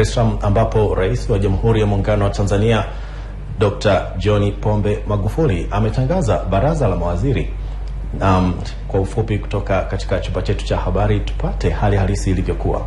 Islam ambapo Rais wa Jamhuri ya Muungano wa Tanzania Dr. John Pombe Magufuli ametangaza baraza la mawaziri. Um, kwa ufupi kutoka katika chumba chetu cha habari tupate hali halisi ilivyokuwa.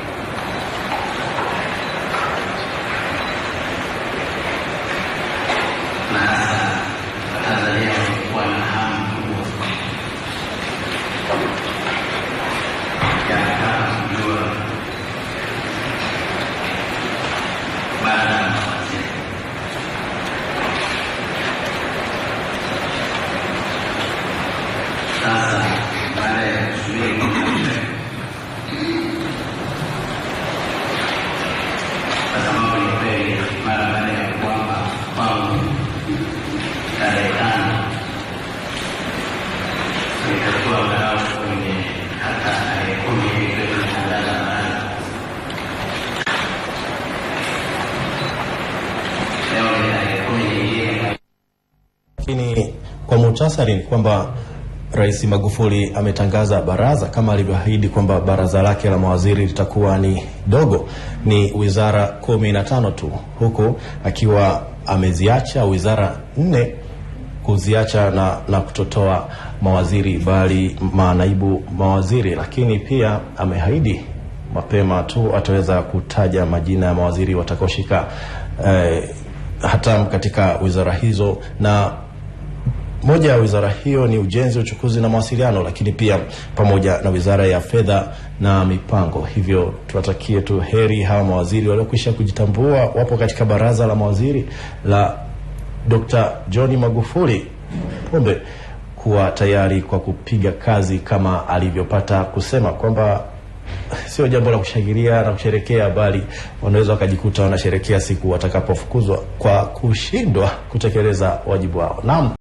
lakini kwa muhtasari ni kwamba Rais Magufuli ametangaza baraza kama alivyoahidi kwamba baraza lake la mawaziri litakuwa ni dogo, ni wizara kumi na tano tu, huku akiwa ameziacha wizara nne kuziacha na, na kutotoa mawaziri bali manaibu mawaziri, lakini pia ameahidi mapema tu ataweza kutaja majina ya mawaziri watakaoshika eh, hatamu katika wizara hizo na moja ya wizara hiyo ni ujenzi, uchukuzi na mawasiliano, lakini pia pamoja na wizara ya fedha na mipango. Hivyo tuwatakie tu heri hawa mawaziri waliokwisha kujitambua, wapo katika baraza la mawaziri la Dr. John Magufuli Pombe kuwa tayari kwa kupiga kazi kama alivyopata kusema kwamba sio jambo la kushangilia na kusherekea, bali wanaweza wakajikuta wanasherekea siku watakapofukuzwa kwa kushindwa kutekeleza wajibu wao. Naam.